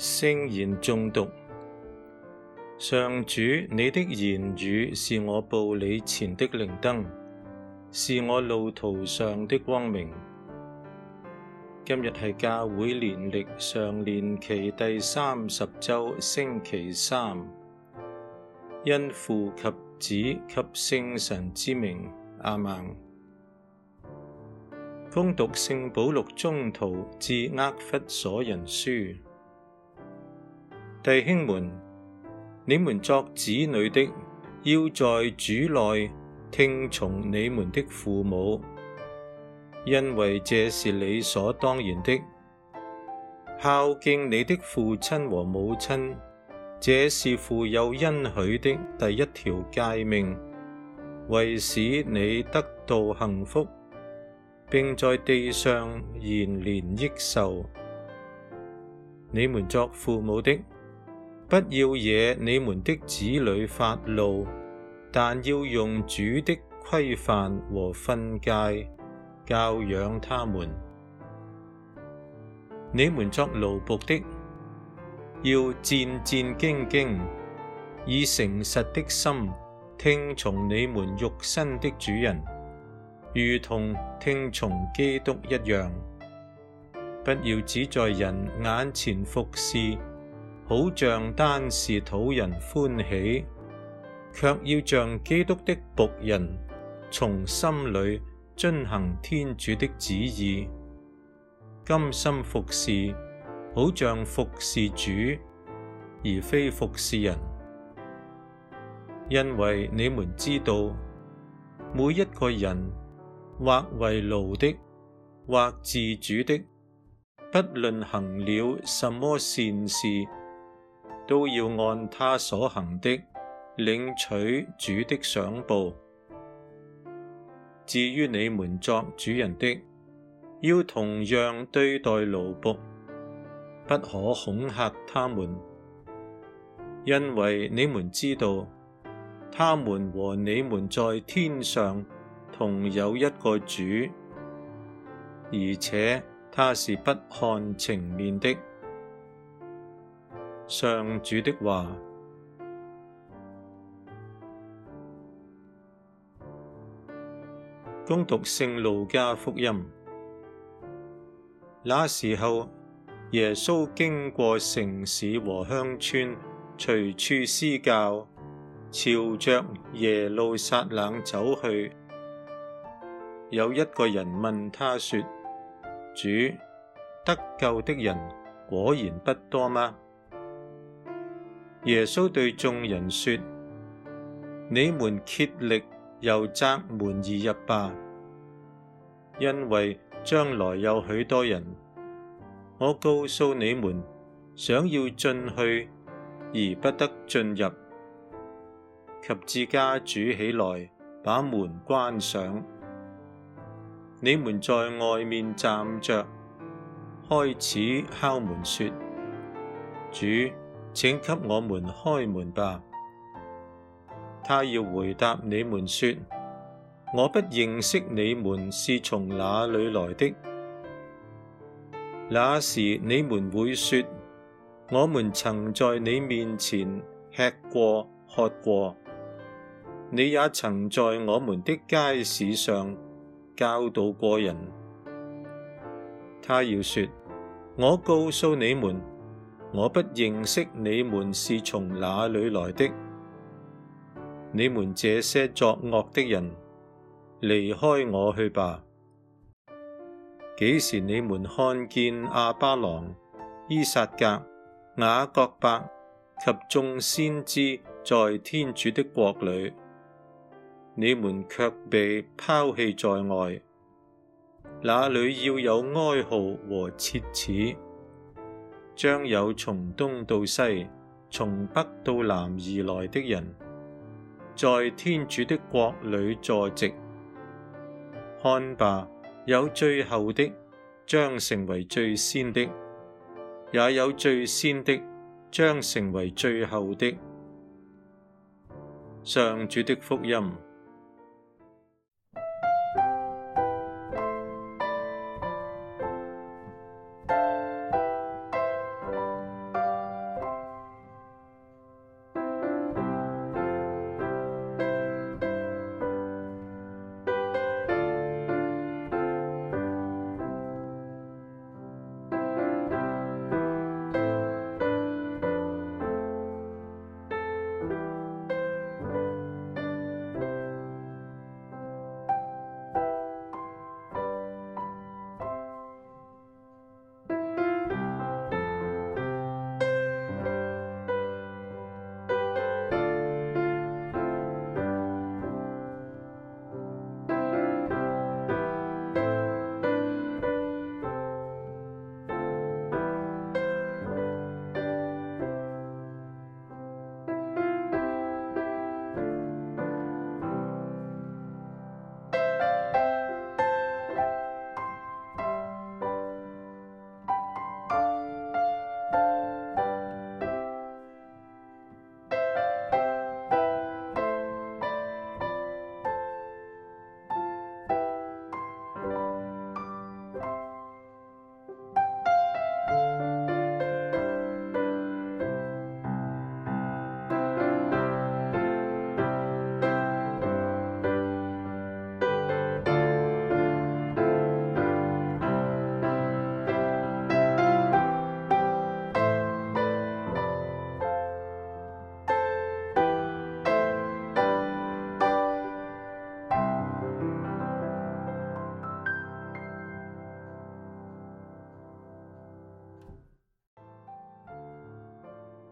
聖言誦讀。上主，你的言語是我步履前的靈燈，是我路途上的光明。今日係教會年曆常年期第三十周星期三，因父及子及聖神之名，阿孟。恭讀聖保祿宗徒致厄弗所人書。弟兄們，你們作子女的，要在主內聽從你們的父母，因為這是理所當然的。孝敬你的父親和母親，這是附有恩許的第一條誡命，為使你得到幸福，並在地上延年益壽。你們作父母的，不要惹你們的子女發怒，但要用主的規範和訓誡，教養他們。你們作奴僕的，要戰戰兢兢，以誠實的心聽從你們肉身的主人，如同聽從基督一樣。不要只在人眼前服侍。好像單是討人歡喜，卻要像基督的僕人，從心裏遵行天主的旨意，甘心服侍，好像服侍主，而非服侍人。因為你們知道，每一個人，或為奴的，或自主的，不論行了什麼善事，都要按他所行的，領取主的賞報。至於你們作主人的，要同樣對待奴僕，不可恐嚇他們，因為你們知道，他們和你們在天上同有一個主，而且他是不看情面的。上主的話，恭讀聖路加福音。那時候，耶穌經過城市和鄉村，隨處施教，朝着耶路撒冷走去。有一個人問他說：「主，得救的人果然不多嗎？耶穌對眾人說：你們竭力由窄門而入吧，因為將來有許多人，我告訴你們，想要進去而不得進入。及至家主起來把門關上，你們在外面站着，開始敲門說：主。請給我們開門吧。他要回答你們說：我不認識你們是從哪裏來的。那時你們會說：我們曾在你面前吃過喝過，你也曾在我們的街市上教導過人。他要說：我告訴你們。我不認識你們是從哪裏來的，你們這些作惡的人，離開我去吧。幾時你們看見亞巴郎、依撒格、雅各伯及眾先知在天主的國裏，你們卻被拋棄在外，那裏要有哀號和切齒。將有從東到西、從北到南而來的人，在天主的國裏坐席。看吧，有最後的將成為最先的，也有最先的將成為最後的。—上主的福音。